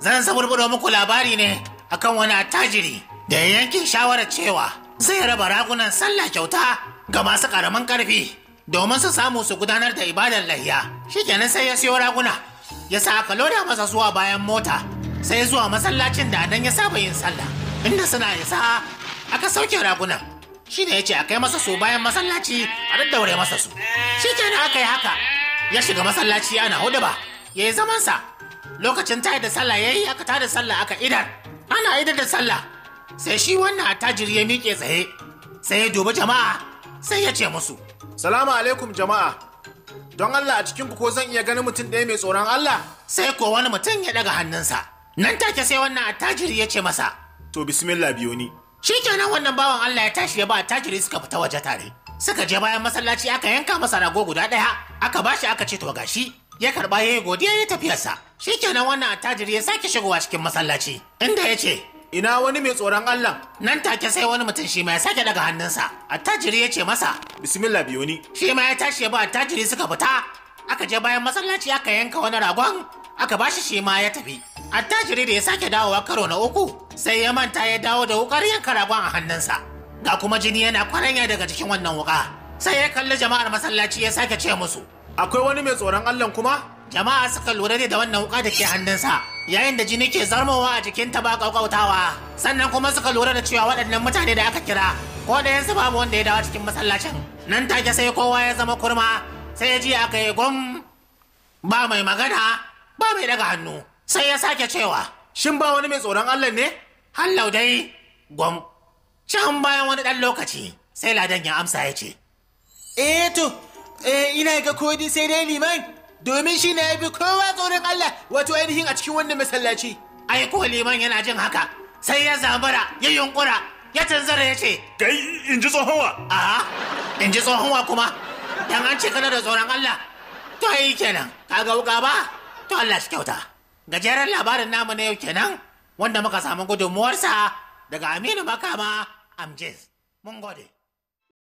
zan saburburo muku labari ne akan wani attajiri da ya yanke shawarar cewa zai raba ragunan sallah kyauta ga masu karamin karfi domin su samu su gudanar da ibadar lahiya shikenan sai ya siyo raguna ya sa aka loda masa zuwa bayan mota sai zuwa masallacin da nan ya saba yin sallah inda suna isa aka sauke ragunan shi ne ya ce a kai masa su bayan masallaci a daddaure masa su shikenan aka yi haka ya shiga masallaci ana hudu ba ya yi zamansa lokacin ta da sallah ya yi aka ta da sallah aka idar ana idar da sallah sai shi wannan attajiri ya miƙe tsaye sai ya dubi jama'a sai ya ce musu salamu alaikum jama'a don Allah a cikin ko zan iya ganin mutum ɗaya mai tsoron Allah sai ko wani mutum ya daga hannunsa nan take sai wannan attajiri ya ce masa to bismillah biyo ni shikenan wannan bawan Allah ya tashi ya ba attajiri suka fita waje tare suka je bayan masallaci aka yanka masa rago guda ɗaya aka bashi aka ce to gashi ya karba ya yi godiya ya tafiyarsa shi kenan wannan attajiri ya sake shigowa cikin masallaci inda ya ce ina wani mai tsoron Allah nan take sai wani mutum shi ma ya sake daga hannunsa attajiri ya ce masa bismillah biyoni shi ma ya tashi ya ba attajiri suka fita aka je bayan masallaci aka yanka wani ragon aka shi shi ma ya tafi attajiri da ya sake dawowa karo na uku sai ya manta ya dawo da wukar yanka ragon a hannunsa ga kuma jini yana kwaranya daga jikin wannan wuka sai ya kalli jama'ar masallaci ya sake ce musu akwai wani mai tsoron Allah kuma jama'a suka lura ne da wannan wuka da ke hannunsa yayin da jini ke zarmowa a jikin ta ba kaukautawa sannan kuma suka lura da cewa waɗannan mutane da aka kira ko yansu babu wanda ya dawo cikin masallacin nan take sai kowa ya zama kurma sai ya ji aka yi gum ba mai magana ba mai daga hannu sai ya sake cewa shin ba wani mai tsoron Allah ne hallau dai gum can bayan wani ɗan lokaci sai ladan ya amsa ya ce eh to Eh, ina ga kodi sai dai liman domin shi ne ya bi kowa tsoron Allah wato ainihin a cikin wannan masallaci. Ai ko liman yana jin haka sai ya zabara ya yunkura ya tanzara ya ce. Kai in ji wa. A in ji tsohon wa kuma dan an ce kana da tsoron Allah. To ai kenan ga wuka ba to Allah shi kyauta. Gajeren labarin namu na yau kenan wanda muka samu gudunmuwarsa daga Aminu Makama Amjiz. Mun gode.